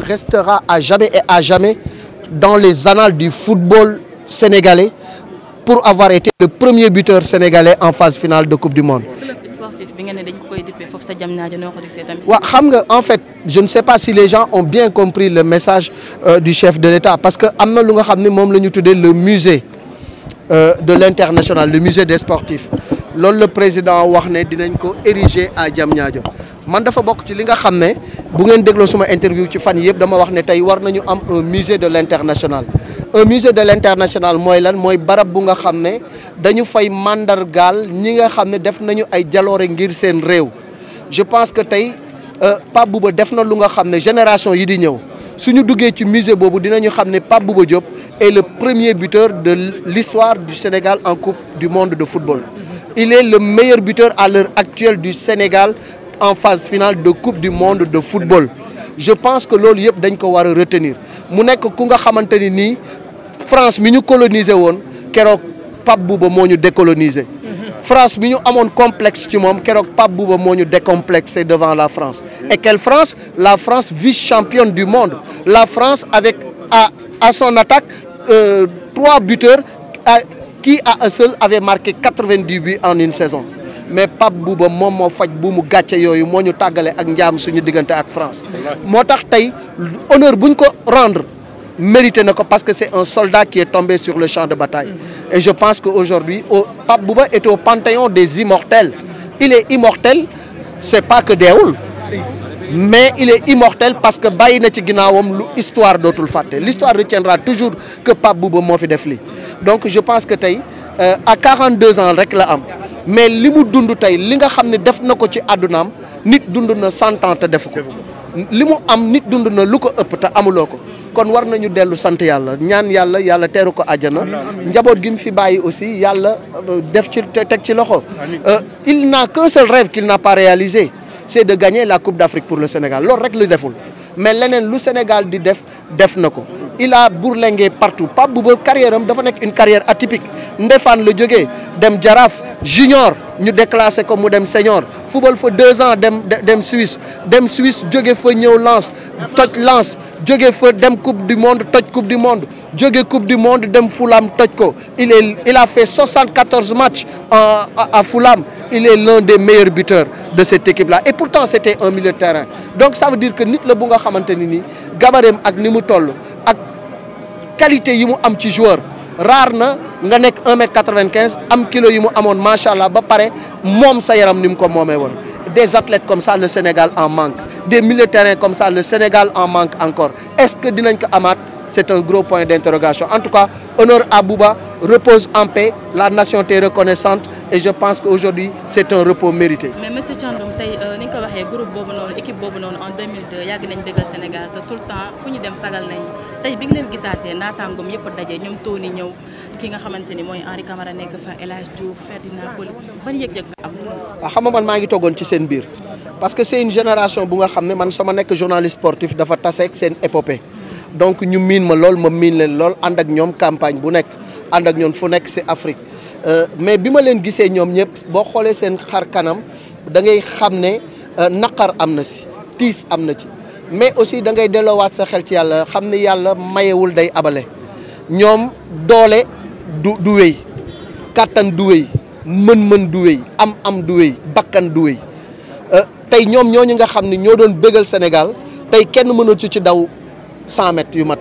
restera à jamais et à jamais dans les annales du football sénégalais pour avoir été le premier buteur sénégalais en phase finale de Coupe du Monde. waaw xam nga en fait je ne sais pas si les gens ont bien compris le message euh, du chef de l'État parce que am na lu nga xam ne moom la ñu tuddee le musée euh, de l'international le musée des sportifs loolu le président wax ne dinañ ko ériger à Diamniadio man dafa bokk ci li nga xam ne bu ngeen dégloo suma interview ci fan yëpp dama wax ne tey war nañu am un musée de l'international un musée de l'international mooy lan mooy barab bu nga xam ne dañu fay màndargaal ñi nga xam ne def nañu ay jaloore ngir seen réew je pense que tey euh, Pape Bouba def na lu nga xam ne génération yi di ñëw suñu duggee ci musée boobu dinañu xam ne Pape Bouba Diop est le premier buteur de l'histoire du Sénégal en coupe du monde de football il est le meilleur buteur Sénégal en phase finale de coupe du monde de football je pense que loolu yëpp dañ ko war a retenir mu nekk ku nga xamante ni nii France mi ñu coloniser woon keroog Pape Bouba moo ñu décoloniser France mi ñu amoon complexe ci moom keroog Pape Bouba moo ñu décomplexé devant la France et quelle France la France vice championne du monde la France avec à à son attaque euh, trois buteurs à, qui à eux seuls marqué quatre-vingt-dix en une saison mais Pape Bouba moom moo faj bu mu gàcce yooyu moo ñu tàggale ak njaam suñu diggante ak France moo tax tey honneur buñ ko rendre mérité na ko parce que c'est un soldat qui est tombé sur le champ de bataille et je pense que au Pape Bouba est au panthéon des immortels il est immortel c'est pas que deewul mais il est immortel parce que bàyyi na ci ginnaawam lu histoire dootul fàtte l'histoire retiendra toujours que Pape Bouba moo fi def lii donc je pense que tey euh, à 42 ans rek la am mais li mu dund tey li nga xam ne def na ko ci àddunaam nit dund na cent ans te def ko li mu am nit dund na lu ko ëpp te amuloo ko kon war nañu dellu sant yàlla ñaan yàlla yàlla teeru ko àjjana njaboot gi mu fi bàyyi aussi yàlla euh, def ci teg ci loxo euh, il n'a qu'un seul rêve qu'il n'a pas réalisé c'est de gagner la Coupe d'Afrique pour le Sénégal loolu rek la deful mais leneen lu Sénégal di def def na ko il a bourlingué partout Pape Bouba carrière am dafa nekk une carrière atypique Ndefane la jógee dem Jaraaf junior ñu déclassé ko mu dem senior football fa deux ans dem dem Suisse dem Suisse jóge fa ñëw lance toj Lens jóge fa dem coupe du monde toj coupe du monde jóge coupe du monde dem Fulham toj ko il est il a fait 74 matchs euh, à à Fulham il est l'un des meilleurs buteurs de cette équipe la et pourtant c'était un milieu de terrain donc ça veut dire que nit la bu nga xamante ni nii gabareem ak ni mu toll ak qualité yi mu am ci joueur raar na nga nekk 1 mètre 95 am kilo yi mu amoon macha allah ba pare moom sa yaram ni mu ko moomee woon des athlètes comme ça le Sénégal en manque. des milliers de terrains comme ça le Sénégal en manque encore est-ce que dinañ ko amaat c'est un gros point d'interrogation en tout cas honneur à Bouba repose en paix la nation te reconnaissante et je pense qu'aujourd'hui c'est un repos mérité. mais monsieur Thiandoum tey euh, ni nga ko waxee groupe boobu noonu équipe boobu noonu en 2002 yàgg nañ bëggal Sénégal te tout le temps fu ñu dem sagal nañ tey bi nga leen gisaatee naataangoom yëpp daje ñoom Tony ñëw ki nga xamante ni mooy Henri Camara nekk fa El Hadj Diouf Ferdinand Coly ban yëg-yëg ah, maa ngi toogoon ci seen biir. parce que c'est une génération bu nga xam ne man sama nekk journaliste sportif dafa taseeg seen épopée donc ñu miin ma lool ma miin leen lool ànd ak ñoom campagne bu nekk ànd ak ñoom fu nekk ci Afrique euh, mais bi ma leen gisee ñoom ñëpp boo xoolee seen xar kanam da ngay xam ne euh, naqar am na si tiis am na ci mais aussi da ngay delloowaat sa xel ci yàlla xam ne yàlla mayewul day abale ñoom doole du du wéy kàttan du wéy mën-mën du wéy am am du wéy bakkan du wéy tey ñoom ñu nga xam ne ñoo doon bégal Sénégal tey kenn mënul ci daw cent mètres yu mat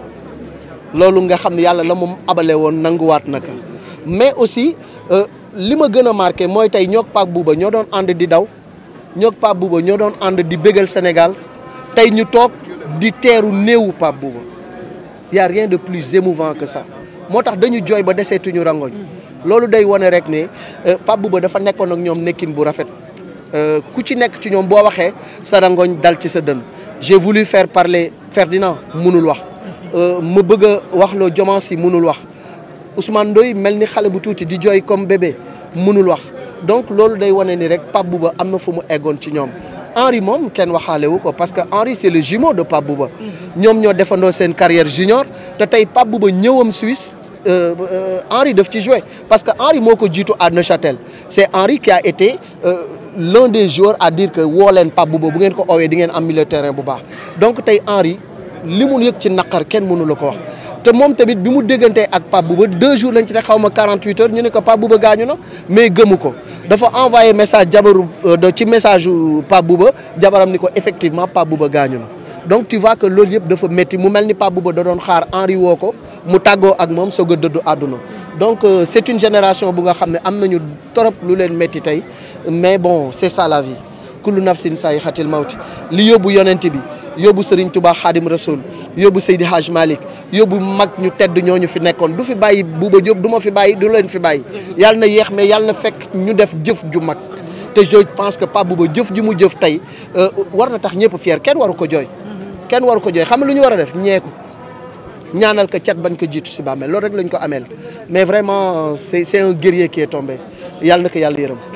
loolu nga xam ne yàlla la moom abale woon nanguwaat naka mais aussi euh, li ma gën a marqué mooy tey ñoog Pape Bouba ñoo doon ànd di daw ñoog Pape Bouba ñoo doon ànd di bégal Sénégal tey ñu toog di teeru néewu Pape Bouba y a rien de plus émouvant que sax moo tax dañu jooy ba deseetuñu rangoñ loolu day wone rek ne euh, Pape Bouba dafa nekkoon ak ñoom nekkin bu rafet Euh, ku ci nekk ci ñoom boo waxee sa rangoñ dal ci sa dënn j'ai voulu faire parler Ferdinand munul wax euh, ma bëgg a wax loo Diomaye si mënul wax Ousmane Ndoye mel ni xale bu tuuti di jooy comme bébé mënul wax donc loolu day wane ni rek Pape Bouba am na fu mu eggoon ci ñoom Henri moom kenn waxaale wu ko parce que Henri c'est le jumeau de Pape Bouba ñoom ñoo defandoo seen carrière junior te tey Pape Bouba ñëwam Suisse euh, Henri daf ci jouer parce que Henri moo ko jiitu à Neuchâtel c'est Henri qui a l'un des joueurs à dire que woo leen Pape Bouba bu ngeen ko oowee di ngeen am milieu terrain bu baax donc tey Henry li mu yëg ci naqar kenn mënu la ko wax te moom tamit bi mu déggantee ak Pape Bouba deux jour lañ ci te xaw ma 48 heures ñu ne ko Pape gaañu na mais gëmu ko dafa envoyé message jabaru euh, ci message u Pape Bouba jabaram ni ko effectivement Pape Bouba gaañu na donc tu vois que loolu yëpp dafa métti mu mel ni Pape Bouba da doon xaar Henry woo ko mu tàggoo ak moom soog a àdduna donc euh, c'est une génération bu nga xam ne am nañu trop lu leen métti tey mais bon c'est ça la vie kullu nafsin saayixatil mawti li yóbbu yonent bi yóbbu Serigne Touba Khadim Rasoul yóbbu Seydi Haj Malick yóbbu mag ñu tedd ñooñu fi nekkoon du fi bàyyi Bouba Diop du ma fi bàyyi du leen fi bàyyi yàlla na yéex mais yàlla na fekk ñu def jëf ju mag te je pense que Pape Bouba jëf ji mu jëf tey euh, war na tax ñëpp fier kenn waru ko jooy kenn waru ko jooy xam nga lu ñu war a def ñeeku ñaanal ko cat bañ ko jiitu si bàmmeel loolu rek lañ ko ameel mais vraiment euh, c'est c'est un guerrier qui est tombé yàlla na ko yàlla yërëm